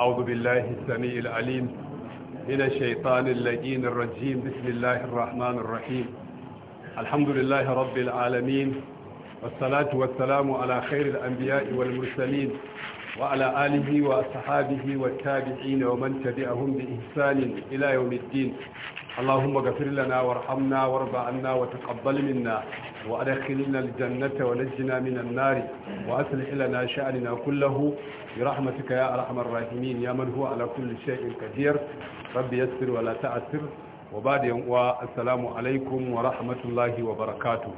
أعوذ بالله السميع العليم من الشيطان اللجين الرجيم بسم الله الرحمن الرحيم الحمد لله رب العالمين والصلاة والسلام على خير الأنبياء والمرسلين وعلى آله وأصحابه والتابعين ومن تبعهم بإحسان إلى يوم الدين اللهم اغفر لنا وارحمنا وارض عنا وتقبل منا وادخلنا الجنة ونجنا من النار وأصلح لنا شأننا كله برحمتك يا أرحم الراحمين يا من هو على كل شيء قدير رب يسر ولا تعسر وبعد والسلام عليكم ورحمة الله وبركاته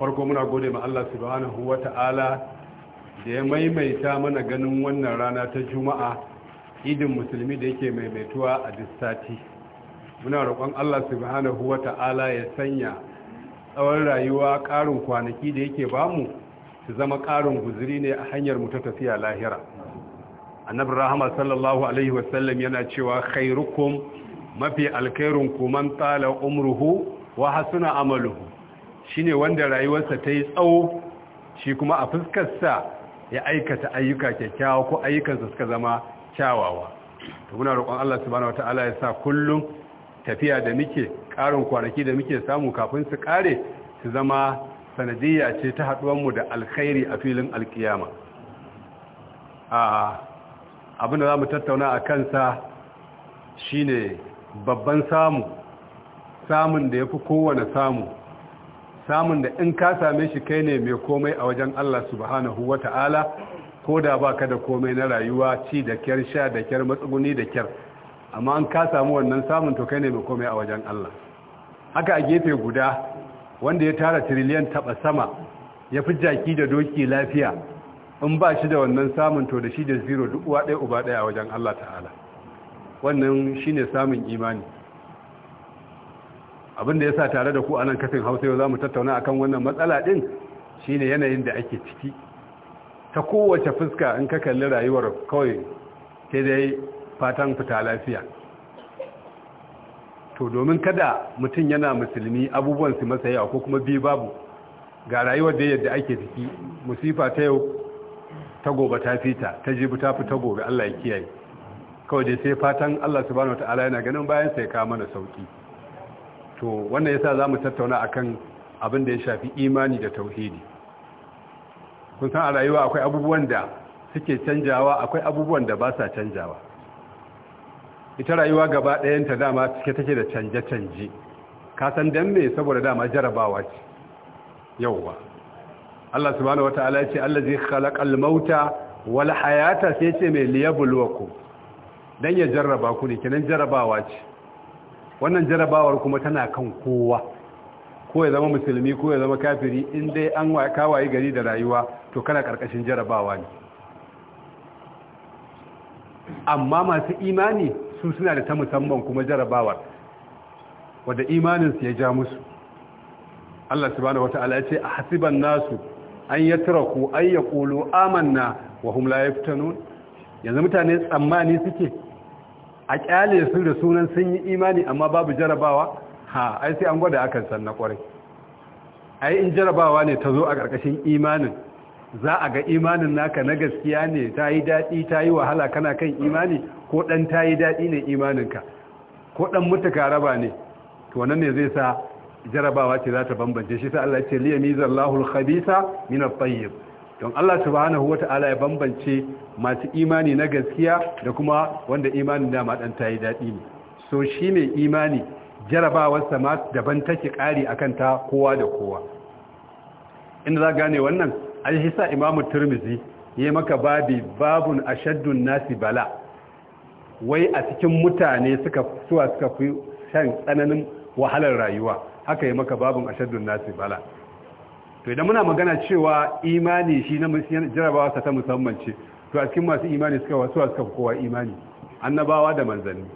farko muna gode ma Allah subhanahu wa ta'ala da ya maimaita mana ganin wannan rana ta juma'a idin musulmi da yake maimaituwa a duk muna roƙon Allah subhanahu wa Ta'ala ya sanya tsawon rayuwa ƙarin kwanaki da yake bamu su zama ƙarin guzuri ne a hanyar mu ta tafiya lahira annabi rahama sallallahu alaihi wasallam yana cewa khairukum mafi alkhairun kuman tala umruhu wa hasuna amaluhu shine wanda rayuwarsa ta yi tsawo shi kuma a fuskarsa ya aikata ayyuka kyakkyawa ko ayyukansa suka zama kyawawa to muna roƙon Allah subhanahu wataala ya sa kullum tafiya da muke ƙarin kwanaki da muke samu kafin su ƙare su zama sanadiyya ce ta haɗuwar mu da alkhairi a filin alkiyama a abin da za mu tattauna a kansa shine babban samu samun da ya fi kowane samu samun da in ka same shi kai ne mai komai a wajen Allah subhanahu WaTa'ala. ko da ba ka da komai na rayuwa ci da kyar sha da kyar matsuguni da kyar amma an ka samu wannan samun to kai ne mai komai a wajen Allah haka a gefe guda wanda ya tara triliyan taba sama ya fi jaki da doki lafiya in ba shi da wannan samun to da shi da zero duk uwa ɗaya uba ɗaya a wajen Allah ta'ala wannan shi ne samun imani abinda ya sa tare da ku a nan kafin hausa yau za mu tattauna akan wannan matsala ɗin shi ne yanayin da ake ciki ta kowace fuska in ka kalli rayuwar kawai ta dai fatan fita lafiya to domin kada mutum yana musulmi abubuwan su masa yawa ko kuma biyu babu ga rayuwar da yadda ake ciki musifa ta yau ta gobe ta fita ta ji ta fita gobe Allah ya kiyaye kawai dai sai fatan Allah subhanahu wataala yana ganin bayan sai ka mana sauki to wannan yasa zamu tattauna akan abin da ya shafi imani da tauhidi kun san a rayuwa akwai abubuwan da suke canjawa akwai abubuwan da ba sa canjawa ita rayuwa gaba ɗayanta dama cike take da canje-canje kasan san dan me saboda dama jarabawa ce yauwa Allah subhanahu wataala ya ce allazi khalaqal mauta wal hayata sai ce mai ku dan ya jarraba ku ne kenan jarabawa ce wannan jarabawar kuma tana kan kowa ko ya zama musulmi ko ya zama kafiri in dai an kawaye gari da rayuwa to kana karkashin jarabawa ne amma masu imani su suna da ta musamman kuma jarabawar wadda imaninsu ya ja musu Allah subhanahu wata'ala ya ce a hasiban nasu an an ay kolo amanna wa hum la yaftanun yanzu mutane tsammani suke a kyale su da sunan sun yi imani amma babu jarabawa ha ai sai an gwada akan san na kwarai ai in jarabawa ne ta zo a ƙarƙashin imanin za a ga imanin naka na gaskiya ne ta yi daɗi ta yi wahala kana kan imani ko ɗan ta yi daɗi ne imaninka ko ɗan mutuka raba ne to nan ne zai sa jarabawa ce za ta bambance shi sa Allah ce liya mizan lahul khabisa min at-tayyib don Allah subhanahu wata'ala ya bambance masu imani na gaskiya da kuma wanda imanin dama ɗan ta yi daɗi ne so shi ne imani jarabawarsa ma daban take ƙari akan ta kowa da kowa inda za gane wannan alhisa imamu turmizi ya maka babi babun ashaddun nasi bala wai a cikin mutane suka suwa suka fi shan tsananin wahalar rayuwa haka ya maka babun ashaddun nasi bala to idan muna magana cewa imani shi na jarabawarsa ta musamman ce to a cikin masu imani suka suwa suka kowa imani annabawa da manzanni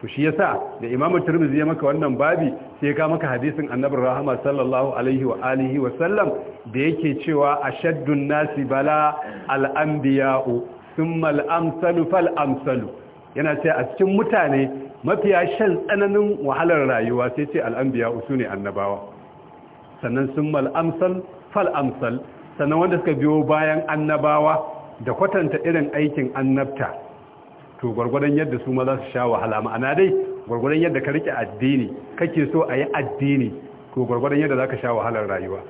to shi yasa da Imam turmizi ya maka wannan babi sai ka maka hadisin Annabi Rahama sallallahu alaihi wa alihi wa sallam da yake cewa a shaddun nasi bala al sun thumma al fal-amsalu yana ce a cikin mutane mafiya shan tsananin wahalar rayuwa sai ce al su ne annabawa sannan thumma al-amsal fal-amsal sannan wanda suka biyo bayan annabawa da kwatanta irin aikin annabta to gwargwadon yadda su ma za su sha wahala ma'ana dai gwargwadon yadda ka rike addini kake so a yi addini to gwargwadon yadda za ka sha wahalar rayuwa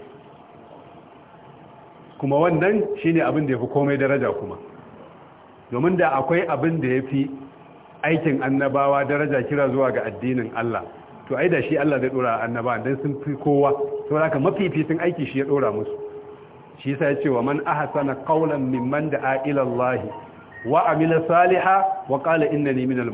kuma wannan shi ne abin da ya fi komai daraja kuma domin da akwai abin da ya fi aikin annabawa daraja kira zuwa ga addinin Allah to ai da shi Allah zai dora annabawa dan sun fi kowa saboda haka mafificin aiki shi ya dora musu shi yasa ya ce wa man ahsana qawlan mimman da'a ila Allah wa amila saliha wa inna innani minal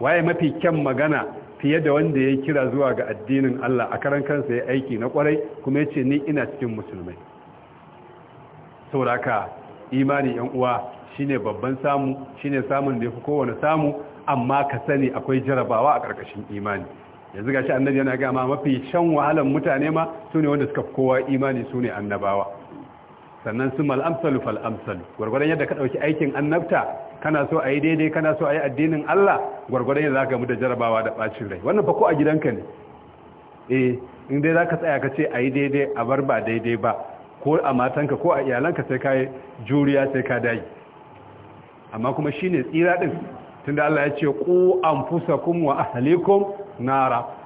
waye mafi kyan magana fiye da wanda ya kira zuwa ga addinin Allah a karan kansa ya aiki na kwarai kuma ya ce ni ina cikin musulmai sauraka imani yan uwa shine babban samu shine samun da yafi kowane samu amma ka sani akwai jarabawa a karkashin imani yanzu gashi annabi yana ga mafi shan wahalan mutane ma sune wanda suka fi kowa imani sune annabawa sannan su mal'amsalu fal'amsalu gwargwadon yadda ka ɗauki aikin annabta kana so a yi daidai kana so a yi addinin Allah gwargwadon yadda za ka gamu da jarabawa da ɓacin rai wannan fa ko a gidanka ne eh in dai za ka tsaya ka ce a yi daidai a bar ba daidai ba ko a matanka ko a iyalanka sai ka yi juriya sai ka dai amma kuma shine tsira din tunda Allah ya ce ku anfusakum wa ahlikum nara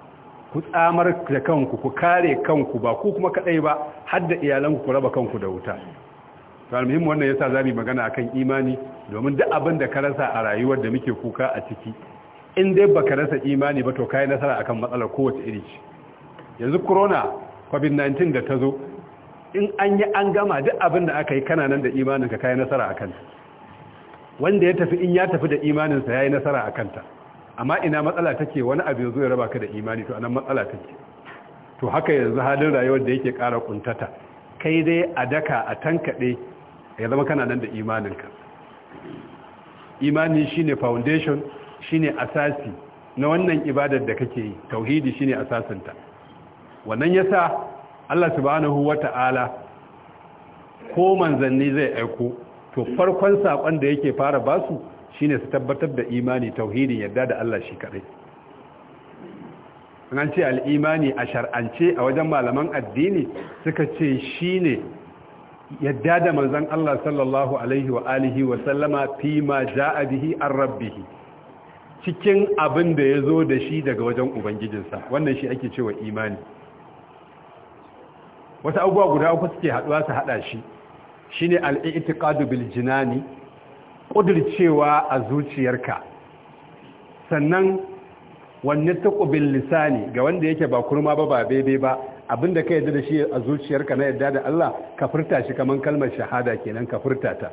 ku tsamar da kanku ku kare kanku ba ku kuma kadai ba har da iyalanku ku raba kanku da wuta to almuhimmi wannan yasa zamu magana akan imani domin duk abin da ka rasa a rayuwar da muke kuka a ciki in dai baka rasa imani ba to kai nasara akan matsalar kowace iri ce yanzu corona covid-19 da ta zo in an yi an gama duk abin da aka yi kana nan da imaninka kai nasara akan ta wanda ya tafi in ya tafi da imaninsa yayi nasara akan ta amma ina matsala take wani abu ya ya raba ka da imani to anan matsala take to haka yanzu halin rayuwar da yake kara kuntata kai dai a daka a tankaɗe ya zama kana nan da imaninka imani shine foundation shine asasi na wannan ibadar da kake yi tauhidi shine asasinta wannan yasa Allah subhanahu wata'ala ko manzanni zai aiko to farkon sakon da yake fara basu Shi ne su tabbatar da imani tauhidin yadda da Allah shi kaɗai. an ce al'imani a shar'ance a wajen malaman addini suka ce shi ne yadda da manzan Allah sallallahu alaihi wa alihi wa sallama fi ma ja'a bihi an rabbihi cikin abin da ya zo da shi daga wajen ubangijinsa wannan shi ake cewa imani Wata abubuwa guda uku suke haɗuwa su haɗa shi shine al-i'tiqadu bil jinani ƙudircewa a zuciyarka sannan wanne taƙubin lisani ga wanda yake ba kurma ba ba bebe ba abinda ka yadda da shi a zuciyarka na yadda da Allah ka furta shi kamar kalmar shahada kenan ka furta ta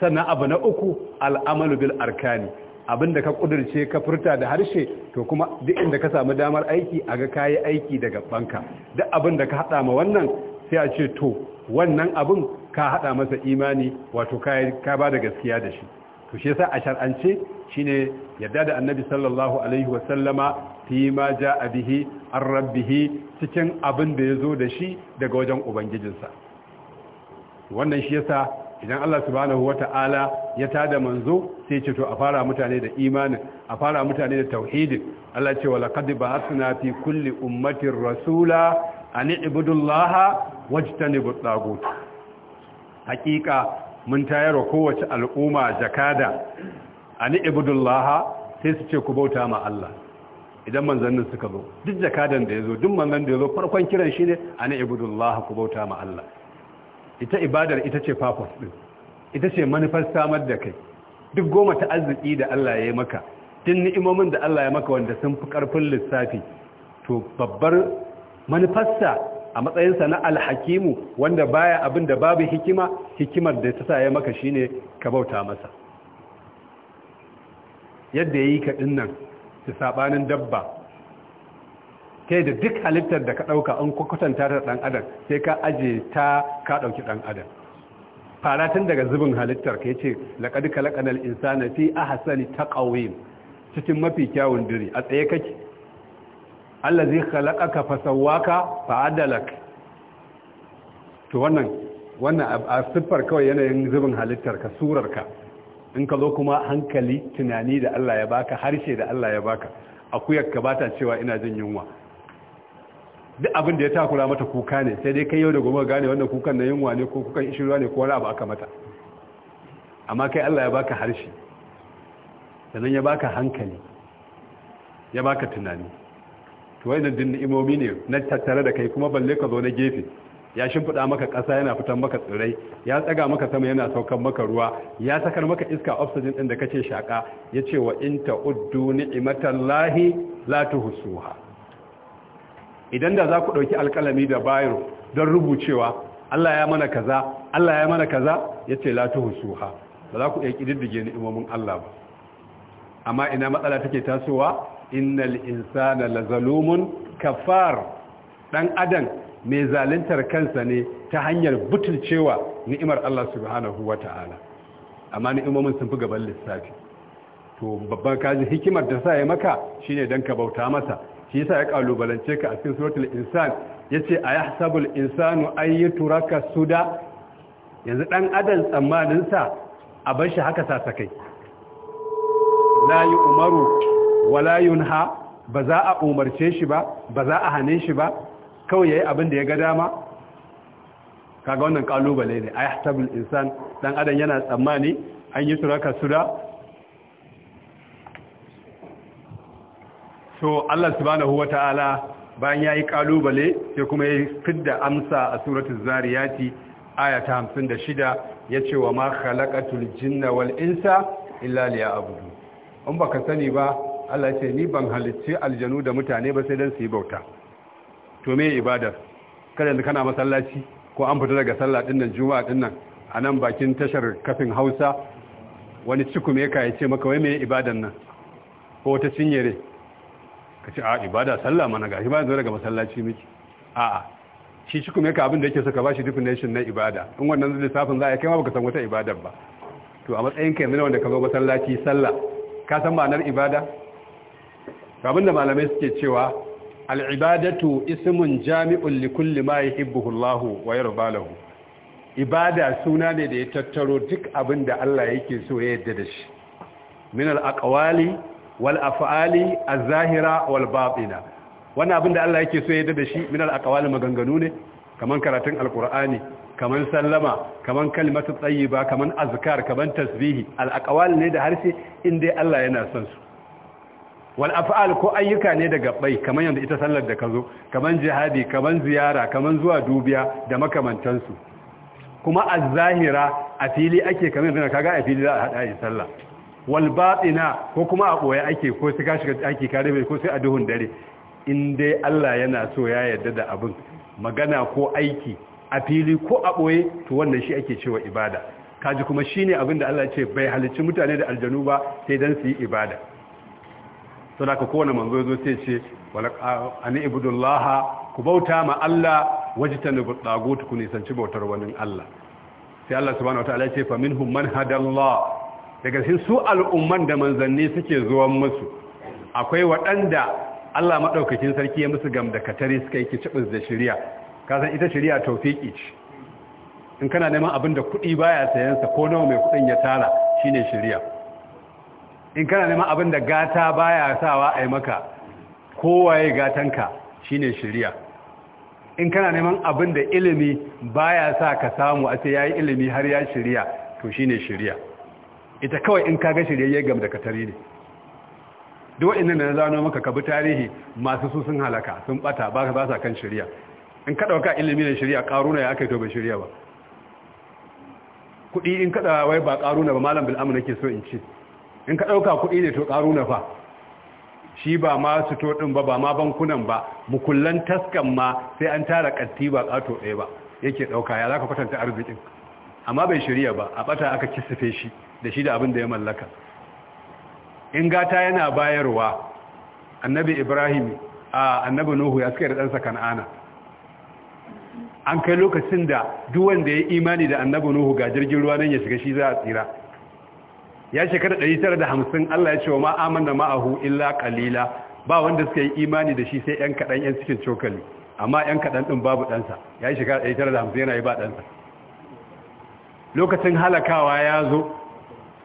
sannan abu na uku al'amalu bil arkani abinda ka kudirce ka furta da harshe to kuma duk inda ka samu damar aiki a ga kayi aiki daga banka duk abinda ka haɗa ma wannan sai a ce to wannan abin ka hada masa imani wato ka ba da gaskiya da shi to shi yasa a shar'ance shine yadda da annabi sallallahu alaihi wa sallama fi ma ja'a bihi ar rabbih cikin abin da yazo da shi daga wajen ubangijinsa wannan shi yasa idan Allah subhanahu wata'ala ya tada manzo sai ce to a fara mutane da imani a fara mutane da tauhidi Allah ce wala qad ba'athna fi kulli ummatin rasula an ibudullaha wajtanibut tagut hakika mun tayar wa kowace al'umma jakada ani ibudullah sai su ce ku bauta ma Allah idan manzannin suka zo duk jakadan da yazo duk manzan da yazo farkon kiran shi ne ani ibudullah ku bauta ma Allah ita ibadar ita ce purpose din ita ce manufar samar da kai duk goma ta arziki da Allah ya yi maka tun ni'imomin da Allah ya maka wanda sun fi karfin lissafi to babbar manufarsa a matsayinsa na alhakimu wanda baya abin da babu hikima hikimar da ta saye maka shine ka bauta masa yadda ya yi ka nan ta sabanin dabba kai da duk halittar da ka ɗauka an kwakwatanta ta ɗan adam sai ka aje ta ka ɗauki ɗan adam fara tun daga zubin halittar ka yace laqad khalaqnal insana fi ahsani taqwim cikin mafi kyawun diri a tsaye kake allazi khalaqaka fasawwaka fa'adalak to wannan wannan a siffar kawai yanayin zubin halittarka surarka in ka zo kuma hankali tunani da Allah ya baka harshe da Allah ya baka akuyar ka bata cewa ina jin yunwa duk abin da ya takura mata kuka ne sai dai kai yau da gobe gane wannan kukan na yunwa ne ko kukan ishirwa ne ko wani abu aka mata amma kai Allah ya baka harshe sannan ya baka hankali ya baka tunani to wannan din ni'imomi ne na tattare da kai kuma balle ka zo na gefe ya shimfiɗa maka ƙasa yana fitan maka tsirrai ya tsaga maka sama yana saukan maka ruwa ya sakar maka iska oxygen ɗin da kace shaka ya wa in uddu ni'matallahi la tuhsuha idan da za ku ɗauki alkalami da bayro don rubucewa Allah ya mana kaza Allah ya mana kaza ya la tuhsuha ba za ku iya kididdige ni'imomin Allah ba amma ina matsala take tasowa innal insana lazalumun kafar dan adam mai zaluntar kansa ne ta hanyar butulcewa ni'imar Allah subhanahu wata'ala amma ni'imomin sun fi gaban lissafi to babban kaji hikimar da sa ya maka shine dan ka bauta masa shi yasa ya kalubalance ka a cikin suratul insan yace a ayahsabul insanu ayyutraka suda yanzu dan adam tsammanin sa a bar shi haka sasakai la yi umaru wala yunha ba za a umarce shi ba ba za a hane shi ba kawai yayi abin da ya ga dama kaga wannan kalubale ne ayahtabul insan dan adam yana tsammani an yi suraka suda so Allah subhanahu wataala bayan yayi kalubale sai kuma ya fidda amsa a suratul zariyati aya ta ya ce wa ma khalaqatul jinna wal insa illa liya'budun in baka sani ba Allah ce ni ban halicci aljanu da mutane ba sai dan su yi bauta to me ibadar kada kana masallaci ko an fita daga sallah dinnan juma'a dinnan a nan bakin tashar kafin Hausa wani cikume ka yace maka wai me ibadan nan ko ta cinyere ka ce a ibada sallah mana gashi ba zo daga masallaci miki a'a shi cikume ka abin da yake saka ba shi definition na ibada in wannan lissafin za a kai ma baka san wata ibadar ba to a matsayin kai mina wanda ka zo masallaci sallah ka san ma'anar ibada Rabin da malamai suke cewa al'ibadatu ismun jami'un likulli ma yi ibuhullahu wa yarda rubalahu. ibada suna ne da ya tattaro duk abin da Allah yake so ya yadda da shi min al wal’afa’ali wal zahira wal wani abin da Allah yake so ya yadda da shi min maganganu ne kaman karatun alkur'ani kaman sallama kaman tsayi ba kamar azkar kamar tasbihi al-aqwali ne da harshe inda Allah yana son su wal af'al ko ayyuka ne daga bai kamar yanda ita sallar da kazo kamar jihadi kamar ziyara kamar zuwa dubiya da su kuma az-zahira a fili ake kaman yanda kaga a fili za a hada yin sallah wal batina ko kuma a boye ake ko sai ka shiga ake kare bai ko sai a duhun dare in dai Allah yana so ya yarda da abin magana ko aiki a fili ko a boye to wannan shi ake cewa ibada kaji kuma shine abin da Allah ya ce bai halicci mutane da aljanu ba sai dan su yi ibada to da ka kowane manzo ya zo sai ce an ibudullaha ku bauta ma Allah wajtanu bi ku nisanci bautar wani Allah sai Allah subhanahu wataala ya ce fa minhum man hadallah daga cikin su al'umman da manzanni suke zuwan musu akwai waɗanda Allah madaukakin sarki ya musu da katari suka yi kicibis da shari'a san ita shari'a tawfiki ce in kana neman abin da kuɗi baya sayansa ko nawa mai kuɗin ya tara shine shari'a in kana neman abin da gata baya sawa a yi maka kowaye gatanka shine shirya in kana neman abin da ilimi baya sa ka samu a sai yayi ilimi har ya shirya to shine shirya ita kawai in kaga shiryayye gam da katari ne duk inda na zano maka kabi tarihi masu su sun halaka sun bata ba ka ba sa kan shirya in ka dauka ilimi da shirya karuna ya kai to ba shirya ba kudi in kada wai ba karuna ba malam bil amr nake so in ce in ka ɗauka kuɗi ne to ƙaru na fa shi ba ma su ɗin ba ba ma bankunan ba mukullan taskan ma sai an tara ƙatti ba ƙato ɗaya ba yake ɗauka ya za ka kwatanta arzikin amma bai shirya ba a ɓata aka kisife shi da shi da abin da ya mallaka in gata yana bayarwa annabi ibrahim a annabi nuhu ya suka yi da ɗansa kan'ana an kai lokacin da duwanda wanda ya imani da annabi nuhu ga jirgin ruwa nan ya shiga shi za a tsira ya shekara 950 Allah ya ce wa ma da ma'ahu illa kalila ba wanda suka yi imani da shi sai yan kaɗan yan cikin cokali amma yan kaɗan ɗin babu ɗansa ya yi shekara 950 yana yi ba ɗansa. lokacin halakawa ya zo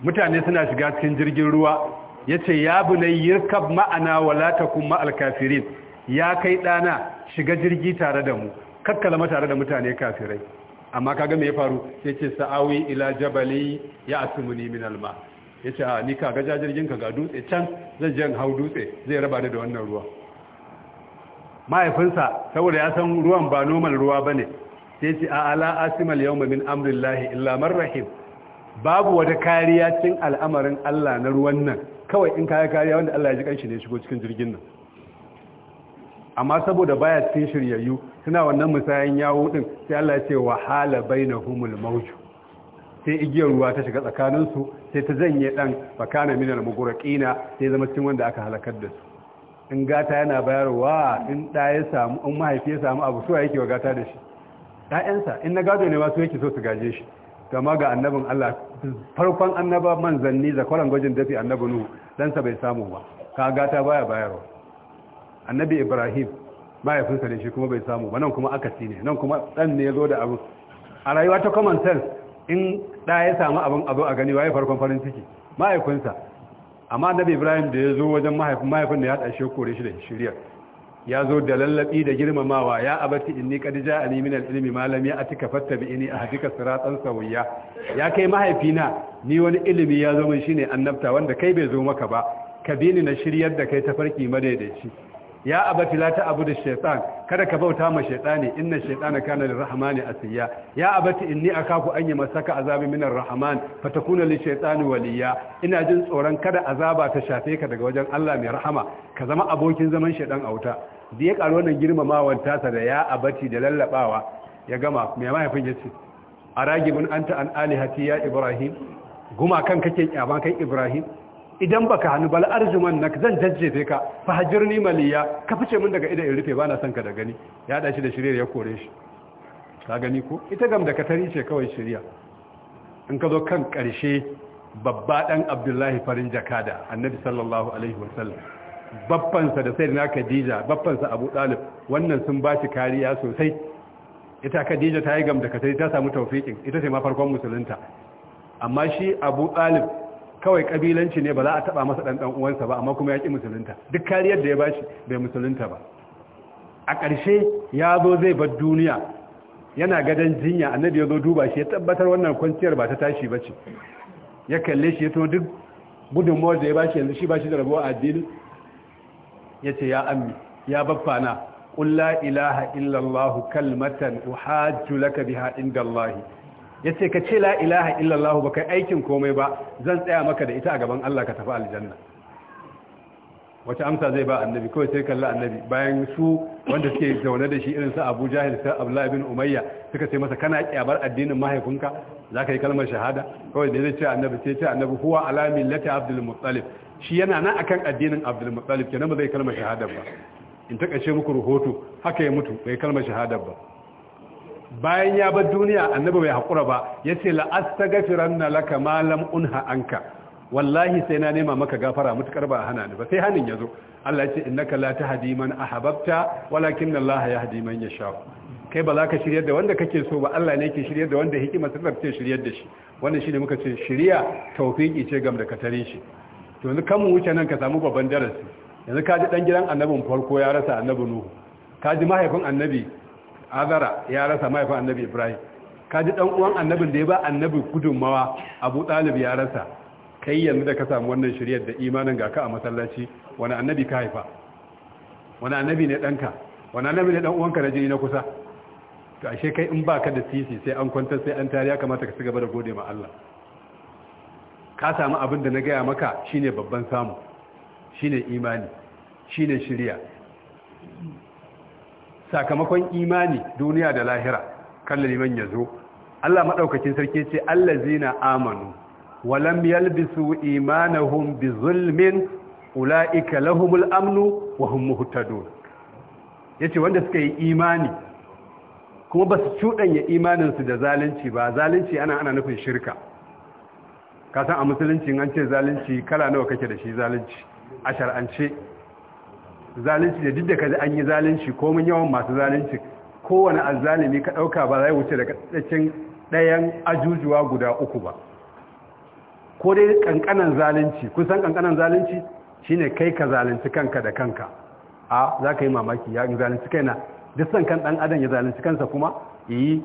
mutane suna shiga cikin jirgin ruwa ya ce ya yi kaf ma'ana wala takum ma'al kafirin ya kai ɗana shiga jirgi tare da mu kakkalama tare da mutane kafirai amma kaga me ya faru sai ce sa'awi ila jabali ya asumuni min alma ya ce a ni ka ga jirgin ka ga dutse can zai jan hau dutse zai raba da wannan ruwa mahaifinsa saboda ya san ruwan ba noman ruwa ba ne sai ce a ala asimal yau min amrillahi illa rahim babu wata kariya cin al'amarin Allah na ruwan nan kawai in kaya kariya wanda Allah ya ji kanshi ne shigo cikin jirgin nan amma saboda baya cikin shiryayyu suna wannan musayan yawo din sai Allah ya ce wahala bainahumul mawjud sai igiyar ruwa ta shiga tsakaninsu sai ta zanye ɗan makana minar muguraƙina sai zama cikin wanda aka halakar da su in gata yana bayarwa in da ya samu in mahaifi ya samu abu suwa yake wa gata da shi ɗayansa in na gado ne ma su yake so su gaje shi gama ga annabin Allah farkon annaba manzanni zakwaran gwajin dafi annabi Nuhu sa bai samu ba ka gata baya bayarwa annabi Ibrahim mahaifinsa ne shi kuma bai samu ba nan kuma akasi ne nan kuma ɗan ne ya zo da abu a rayuwa ta common sense in da ya samu abin abu a gani waye farkon farin ciki mahaifinsa amma annabi ibrahim da ya zo wajen mahaifin mahaifin da ya haɗa kore shi da shirya ya zo da lallabi da girmamawa ya abati inni qad ja'ani min al-ilmi ma lam ya'tika fattabi'ini ahdika siratan sawiyya ya kai mahaifina ni wani ilimi ya zo min shine annabta wanda kai bai zo maka ba ka bi ni na shiryar da kai tafarki madaidaici ya abati la ta'budu ash-shaytan kada ka bauta ma shaytani inna ash-shaytana kana lirrahmani asiya ya abati inni akaku an yamasaka azabi minar rahman fatakuna li shaytani waliya ina jin tsoron kada azaba ta shafe ka daga wajen Allah mai rahama ka zama abokin zaman shaytan a wuta da ya karo wannan girmamawan tasa da ya abati da lallabawa ya gama mai mahaifin yace aragibun anta an alihati ya ibrahim guma kan kake kyaban kai ibrahim idan ba ka hannu bala arjuman na zan jajjefe ka fa hajirni maliya ka fice min daga idan in rufe na son ka da gani ya da shi da shirya ya kore shi ta gani ko ita gam da katari ce kawai shirya in ka zo kan karshe babba dan abdullahi farin jakada annabi sallallahu alaihi wasallam babbansa da sayyidina khadija babbansa abu Ɗalib wannan sun ba shi kariya sosai ita khadija ta yi gam da katari ta samu tawfiqin ita ce ma farkon musulunta amma shi abu Ɗalib. kawai kabilanci ne ba za a taba masa dan dan uwansa ba amma kuma ya ƙi musulunta duk kariyar da ya bashi bai musulunta ba a ƙarshe ya zo zai bar duniya yana gadon jinya annabi ya zo duba shi ya tabbatar wannan kwanciyar ba ta tashi ba ce ya kalle shi ya to duk mawar da ya bashi yanzu shi shi da rabuwa addini ya ce ya ammi ya baffana قل لا إله kalmatan, الله كلمة أحاج biha, indallahi." ya ce ka ce la ilaha illallah ba kai aikin komai ba zan tsaya maka da ita a gaban Allah ka tafi aljanna wace amsa zai ba annabi kawai sai kalla annabi bayan su wanda suke zaune da shi irin su abu jahil sa abdullahi bin umayya suka ce masa kana kyabar addinin mahaifinka za ka yi kalmar shahada kawai da zai ce annabi sai ce annabi huwa ala millati abdul muttalib shi yana nan akan addinin abdul muttalib kenan ba zai kalmar shahada ba in ta kace muku rahoto haka ya mutu bai kalmar shahada ba bayan ya bar duniya annabi bai hakura ba yace la astaghfiranna laka malam unha anka wallahi sai na nema maka gafara mutukar ba hana ni ba sai hanin yazo Allah ya ce innaka la tahdi man ahbabta walakin Allah hadi man yasha kai ba za ka shiryar da wanda kake so ba Allah ne ke shiryar da wanda hikima ta tsabce shiryar da shi wannan shine muka ce shiriya tawfiqi ce gam da tare shi to yanzu kan mu wuce nan ka samu babban darasi yanzu ka ji dan gidan annabin farko ya rasa annabi nuhu ka ji mahaifin annabi azara ya rasa mahaifin annabi ibrahim ka ji dan uwan annabin da ya ba annabi gudunmawa abu ɗalib ya rasa kai yanzu da ka samu wannan shiryar da imanin ga ka a masallaci wani annabi ka haifa wani annabi ne ɗanka wani annabi ne dan uwanka na jini na kusa to ashe kai in baka da sisi sai an kwanta sai an tariya kamata ka ci gaba da gode ma Allah ka samu abin da na gaya maka shine babban samu shine imani shine shirya sakamakon imani duniya da lahira kallon liman ya zo Allah maɗaukacin sarki ce allazina amanu walam yalbisu imanahun bi zulmin ula'ika lahumul amnu wa hum muhtadun yace wanda suka yi imani kuma ba su imaninsu da zalunci ba zalunci ana ana nufin shirka kasan a musulunci an ce zalunci kala nawa kake da shi zalunci a shar'ance zalunci da duk da kaji an yi zalunci komin yawan masu zalunci kowane azzalimi ka ɗauka ba zai wuce daga cikin ɗayan ajujuwa guda uku ba ko dai kankanan zalunci kusan kankanan zalunci shine kai ka zalunci kanka da kanka a za ka yi mamaki ya zalunci kaina duk san kan ɗan adam ya zalunci kansa kuma yi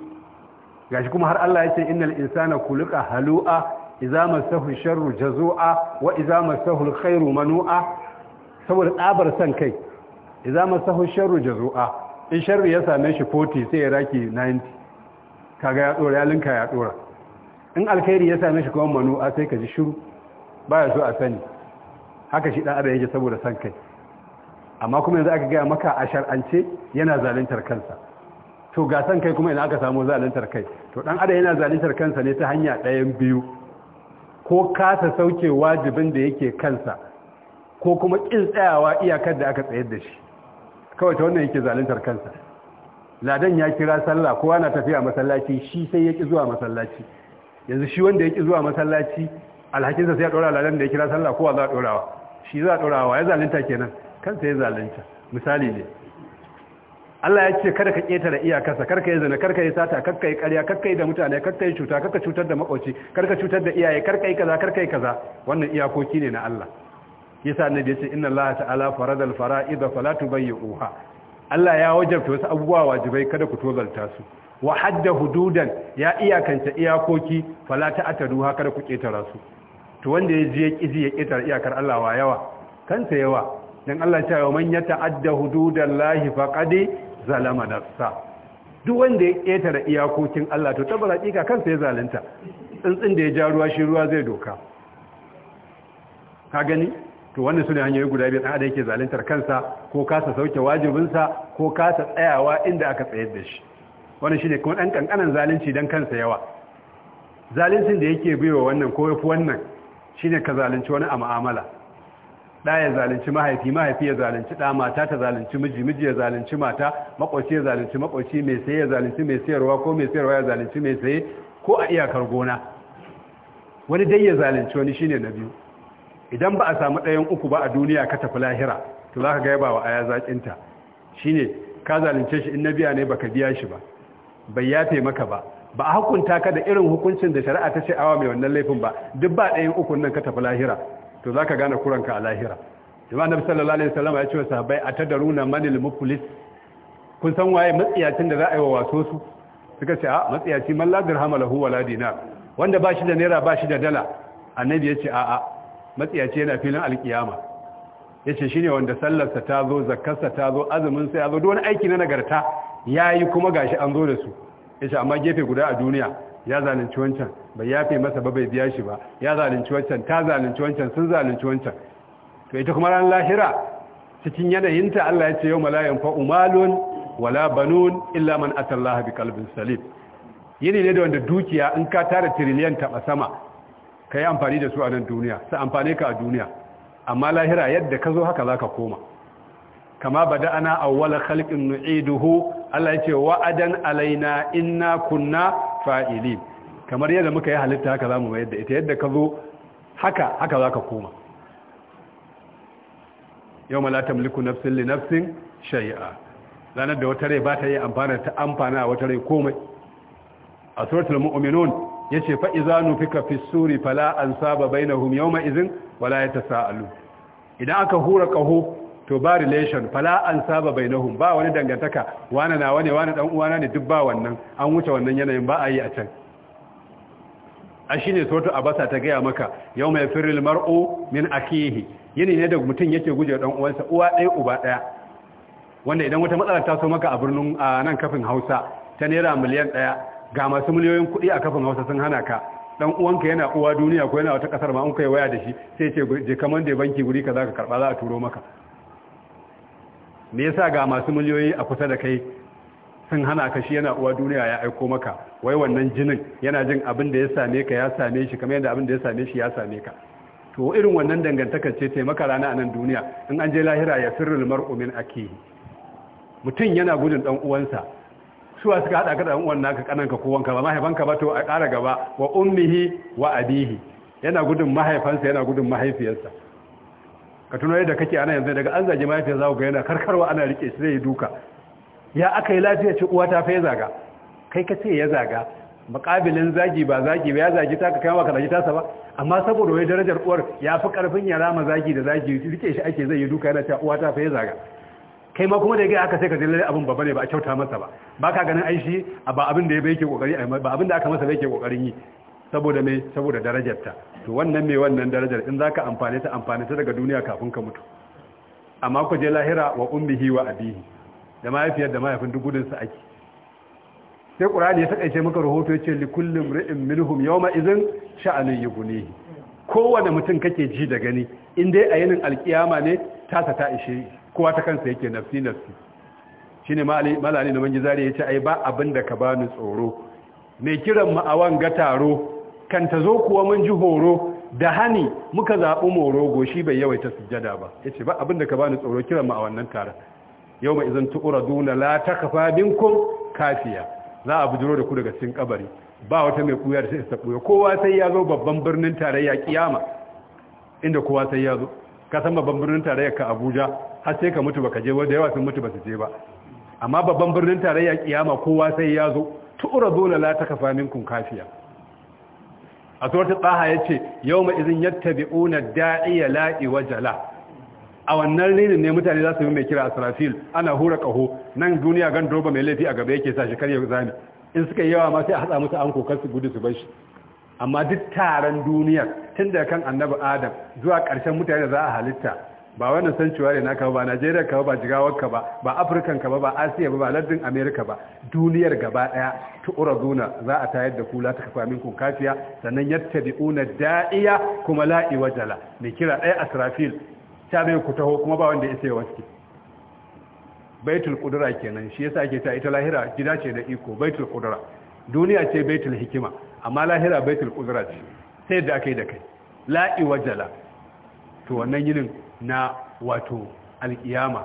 gashi kuma har Allah ya ce innal insana kuluka halu'a idza masahu sharru jazu'a wa idza masahu alkhairu manu'a saboda tsabar san kai idza masahu sharru jazua in sharri ya same shi 40 sai ya raki 90 kaga ya dora ya linka ya dora in alkhairi ya same shi kuma a sai ka ji shiru baya so a sani haka shi dan adam yake saboda san kai amma kuma yanzu aka gaya maka a shar'ance yana zaluntar kansa to ga san kai kuma ina aka samu zaluntar kai to dan adam yana zaluntar kansa ne ta hanya ɗayan biyu ko kasa sauke wajibin da yake kansa ko kuma ƙin tsayawa iyakar da aka tsayar da shi kawai ta wannan yake zaluntar kansa ladan ya kira sallah kowa na tafiya masallaci shi sai ya ƙi zuwa masallaci yanzu shi wanda ya ƙi zuwa masallaci alhakinsa sai ya ɗora ladan da ya kira sallah kowa za a ɗorawa shi za a ɗorawa ya zalunta kenan kansa ya zalunta misali ne Allah ya ce kada ka ƙetare iyakarsa karka yi zana karka yi sata karka yi ƙarya karka yi da mutane karka yi cuta karka cutar da makoci karka cutar da iyaye karka yi kaza karka yi kaza wannan iyakoki ne na Allah yasa annabi ya ce inna Allah ta'ala al-fara'id fa la tubayyi'uha Allah ya wajabta wasu abubuwa wajibai kada ku tozalta su wa hadda hududan ya iyakance iyakoki fala ta'taduha kada ku ketara su to wanda ya je ya kizi ya ketara iyakar Allah wa yawa kansa yawa dan Allah ya ce man yata'adda hududallahi faqad zalama nafsa duk wanda ya ketara iyakokin Allah to tabbara hakika kansa ya zalunta tsuntsun da ya ja ruwa shi ruwa zai doka ka gani to wannan su ne hanyoyi guda biyu ɗan yake zaluntar kansa ko kasa sauke wajibinsa ko kasa tsayawa inda aka tsayar da shi wannan shi ne kuma ɗan ƙanƙanan zalunci don kansa yawa zaluncin da yake biyo wannan ko yafi wannan shi ka zalunci wani a ma'amala ɗa ya zalunci mahaifi mahaifi ya zalunci ɗa mata ta zalunci miji miji ya zalunci mata Maƙwabci ya zalunci makwaci mai saye ya zalunci mai sayarwa ko mai sayarwa ya zalunci mai saye ko a iyakar gona wani dai ya zalunci wani shine na biyu idan ba a samu ɗayan uku ba a duniya ka tafi lahira to za ka gaiba wa aya zaƙinta shi ne ka zalunce shi in na biya ne ba ka biya shi ba bai yafe maka ba ba a hukunta ka da irin hukuncin da shari'a ta ce awa mai wannan laifin ba duk ba ɗayan uku nan ka tafi lahira to za ka gane kuranka a lahira jama'a na sallallahu alaihi wasallam ya ce wa sahabbai na manil mukulis kun san waye matsiyacin da za a yi wa waso su suka ce a matsiyaci man la dirham lahu wala dinar wanda ba shi da naira ba shi da dala annabi ya ce a'a. matsiyaci yana filin alkiyama ya ce shi ne wanda sallarsa ta zo zakarsa ta zo azuminsa ya zo don aiki na nagarta ya yi kuma gashi an zo da su ya ce amma gefe guda a duniya ya zalunci wancan bai yafe masa ba bai biya shi ba ya zalunci wancan ta zalunci wancan sun zalunci wancan to ita kuma ran lahira cikin yanayinta Allah ya ce yau malayan fa umalun wala banun illa man atallaha bi qalbin salim yini ne da wanda dukiya in ka tara tiriliyan taba sama ka yi amfani da su a nan duniya su amfani ka a duniya amma lahira yadda ka zo haka za ka koma kama ba da ana awwala khalqin nu'iduhu Allah ya ce wa'adan alaina inna kunna fa'ilin kamar yadda muka yi halitta haka za mu mayar da ita yadda ka zo haka haka za ka koma yau ma la tamliku nafsin li nafsin shay'a ranar da wata rai ba ta yi amfana ta amfana wata rai komai a suratul mu'minun Ya ce iza nufika fi suri fala ansaba bainahum yawma idhin wala yatasaalu idan aka hura kaho to ba relation fala ansaba bainahum ba wani dangantaka wani na wani wani dan uwana ne duk ba wannan an wuce wannan yanayin ba a yi a can a shine a basa ta gaya maka yawma yafirul mar'u min akihi yini ne da mutum yake guje dan uwansa uwa ɗaya uba ɗaya wanda idan wata matsala ta so maka a birnin a nan kafin Hausa ta naira miliyan ɗaya ga masu miliyoyin kuɗi a kafin hausa sun hana ka dan uwanka yana uwa duniya ko yana wata kasar ma an kai waya da shi sai ce je kaman da banki guri kaza ka karba za a turo maka me yasa ga masu miliyoyi a kusa da kai sun hana ka shi yana uwa duniya ya aiko maka wai wannan jinin yana jin abin da ya same ka ya same shi kamar yadda abin da ya same shi ya same ka to irin wannan dangantakar ce taimaka rana a nan duniya in an je lahira ya sirrul mar'u min akihi mutum yana gudun dan uwansa suwa suka hada ka da uwan naka ka ko wanka ba mahaifanka ba to a ƙara gaba wa ummihi wa abihi yana gudun mahaifansa yana gudun mahaifiyarsa ka tuno yadda kake ana yanzu daga an zage mahaifiyar za ga yana karkarwa ana rike shi zai duka ya aka yi lafiya ce uwa ta fa ya zaga kai ka ce ya zaga makabilin zagi ba zagi ba ya zagi ta ka kai maka zagi tasa ba amma saboda wai darajar uwar ya fi karfin ya rama zagi da zagi rike shi ake zai yi duka yana ta uwa ta fa ya zaga kai ma kuma da yake aka sai ka zai abin ba bane ba a kyauta masa ba ba ka ganin aishi ba abin da ya bai ke kokari ba abin da aka masa bai ke kokarin yi saboda me saboda darajarta to wannan me wannan darajar in zaka amfane ta amfane ta daga duniya kafin ka mutu amma ku je lahira wa ummihi wa abihi da mahaifiyar da mahaifin duk gudun su ake sai qur'ani ya takaice maka rahoto yace li kullum ri'in minhum yawma idhin sha'anun yughnihi kowane mutum kake ji da gani in dai a yinin alkiyama ne tasa ta ishe kowa ta kansa yake nafsi nafsi shi ne malali na manji zari ce ai ba abin da ka bani tsoro mai kiran ma'awan ga taro kan ta zo kuwa mun ji horo da hani muka zaɓi moro goshi bai yawaita sujjada ba ya ce ba abin da ka bani tsoro kiran mu nan wannan yau mai izin duna la kafa minkum kafiya za a bujiro da ku daga cikin kabari ba wata mai kuya da sai ta kowa sai ya zo babban birnin tarayya kiyama inda kowa sai ya zo ka san babban birnin tarayya ka Abuja har sai ka mutu baka je wa da yawa sun mutu ba su je ba amma babban birnin tarayya kiyama kowa sai ya zo tu'raduna la takafa minkum kafiya a suratul taha yace yawma idhin yattabi'una da'iya la'i wajala a wannan rinin ne mutane za su yi mai kira asrafil ana hura kaho nan duniya gan doba mai laifi a gaba yake sa shi karya zami in suka yi yawa ma sai a hada musu an kokar su gudu su bar shi amma duk taron duniyar tun da kan annabi adam zuwa ƙarshen mutane za a halitta ba wannan san ciwa na ka ba najeriya ka ba Jigawa ka ba ba afirkan ka ba ba asiya ba ba lardin amerika ba duniyar gaba daya tu'ura zuna za a tayar da kula ta kafa ku kafiya sannan yattabi'una da'iya kuma la'i wajala mai kira ɗaya asrafil ta bai ku taho kuma ba wanda ya sai wasu baitul kudura kenan shi yasa ake ta ita lahira gida ce da iko baitul kudura duniya ce baitul hikima amma lahira baitul kudura ce sai da kai da kai la'i wajala to wannan yinin na wato alkiyama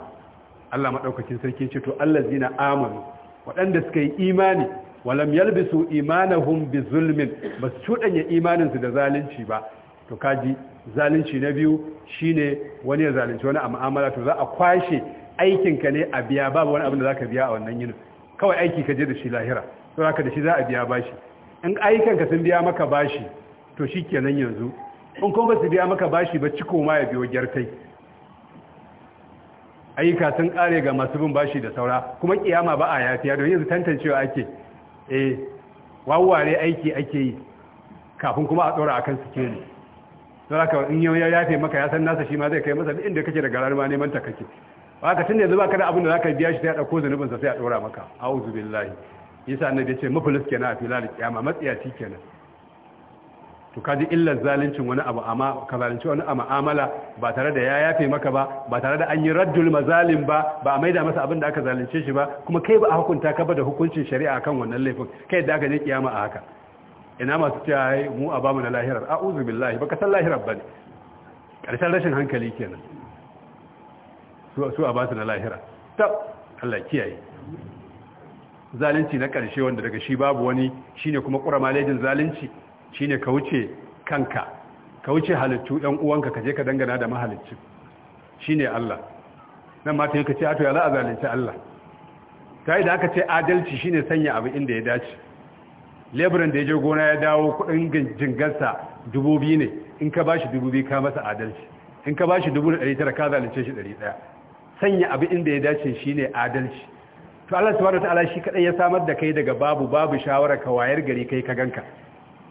Allah madaukakin sarki ce to allazina amanu waɗanda suka yi imani walam yalbisu imanahum bi zulmin bas cudanya imanin su da zalunci ba to kaji zalunci na biyu shine wani ya zalunci wani a mu'amala to za a kwashe aikinka ne a biya babu wani abin da zaka biya a wannan yinin kawai aiki ka je da shi lahira to zaka da shi za a biya bashi in ka sun biya maka bashi to shi kenan yanzu in kuma su biya maka bashi ba ciko ma ya biyo gyartai ayyuka sun kare ga masu bin bashi da saura kuma kiyama ba a yafiya don yanzu tantancewa ake eh wawware aiki ake yi kafin kuma a tsora akan su keri don haka in yau ya yafe maka ya san nasa shi ma zai kai masa inda kake da garar ma neman ta kake ba ka tunda yanzu ba ka da abin da za ka biya shi sai a ɗauko zunubinsa sai a ɗora maka a'udhu billahi yasa annabi ya ce mafulis kenan a filal kiyama matsiyaci kenan to kaji illar zalincin wani abu amma ka zalunci wani a mu'amala ba tare da ya yafe maka ba ba tare da an yi raddul mazalim ba ba a maida masa abin da aka zalunce shi ba kuma kai ba a hukunta ka ba da hukuncin shari'a kan wannan laifin kai da aka ne kiyama a haka ina masu cewa mu a bamu na lahirar a'udhu billahi baka san lahirar bane karshen rashin hankali kenan su su a basu na lahira ta Allah kiyaye zalunci na karshe wanda daga shi babu wani shine kuma ƙura malejin zalunci shine ka wuce kanka ka wuce halittu ɗan uwanka ka je ka dangana da mahalicci shi ne Allah nan ma ta yi ka ce ato ya za a Allah ta yi da aka ce adalci shi ne sanya abu inda ya dace leburan da ya je gona ya dawo kudin jingarsa dubu biyu ne in ka ba shi dubu biyu ka masa adalci in ka ba shi dubu da ɗari tara ka zalunce shi ɗari ɗaya sanya abu inda ya dace shi ne adalci to Allah subhanahu wataala shi kadai ya samar da kai daga babu babu shawara ka wayar gari kai ka ganka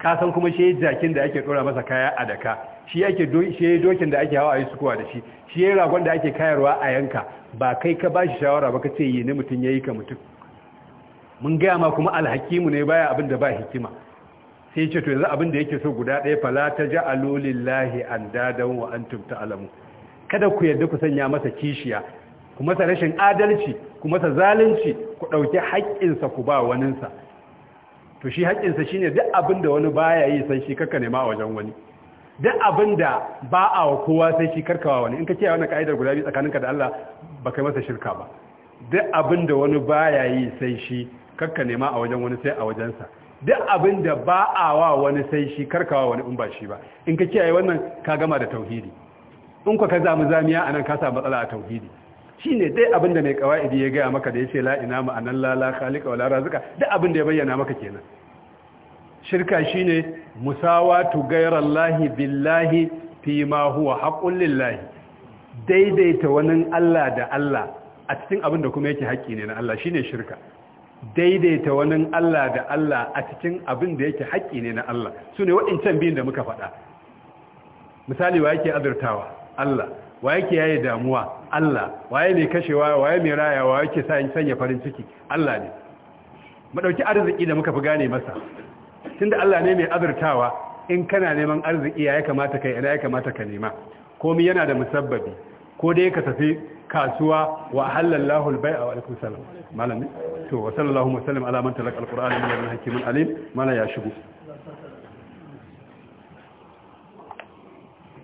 ka san kuma shi jakin da ake dora masa kaya a daka shi ake shi dokin da ake hawa a yi sukuwa da shi shi ragon da ake kayarwa a yanka ba kai ka ba shi shawara ba ka ce yi ne mutum ya yi ka mutum mun gaya ma kuma alhakimu ne baya abin da ba hikima sai ce to yanzu abin da yake so guda ɗaya fala ta ja'alu an dadan wa tumta alamu kada ku yarda ku sanya masa kishiya ku masa rashin adalci ku masa zalunci ku ɗauki haƙƙinsa ku ba waninsa to shi haƙƙinsa ne duk abin da wani baya yi san shi karka nema a wajen wani duk abin da ba a wa kowa sai shi karkawa wani in ka ce wani ka'idar guda biyu tsakaninka da Allah ba kai masa shirka ba duk abin da wani baya yi sai shi karka nema a wajen wani sai a wajensa duk abin da ba a wa wani sai shi karkawa wani in ba shi ba in ka ce wannan ka gama da tauhidi in ka ka zamu zamiya anan ka samu matsala a tauhidi Shi ne dai abin da mai kawaidi ya gaya maka da ya ce la'ina ma'anan lala khalika wa lara zuka duk abin da ya bayyana maka kenan shirka shi shine musawatu ghayrallahi billahi fi ma huwa haƙun lillahi daidaita wani Allah da Allah a cikin abin da kuma yake haƙƙi ne na Allah shi ne shirka daidaita wani Allah da Allah a cikin abin da yake haƙƙi ne na Allah su ne waɗancan biyun da muka faɗa misali wa yake azurtawa Allah wa yake yaye damuwa Allah waye ne kashewa waye mai rayawa yake sanya farin ciki Allah ne mu dauki arziki da muka fi gane masa tunda Allah ne mai azurtawa in kana neman arziki ya kamata kai ina ya kamata ka nema komai yana da musabbabi ko dai ka tafi kasuwa wa halallahu albay'a wa alaikum salam malami to wa sallallahu alaihi wa sallam ala man talaqa alqur'ana min hakimin alim mala ya shigo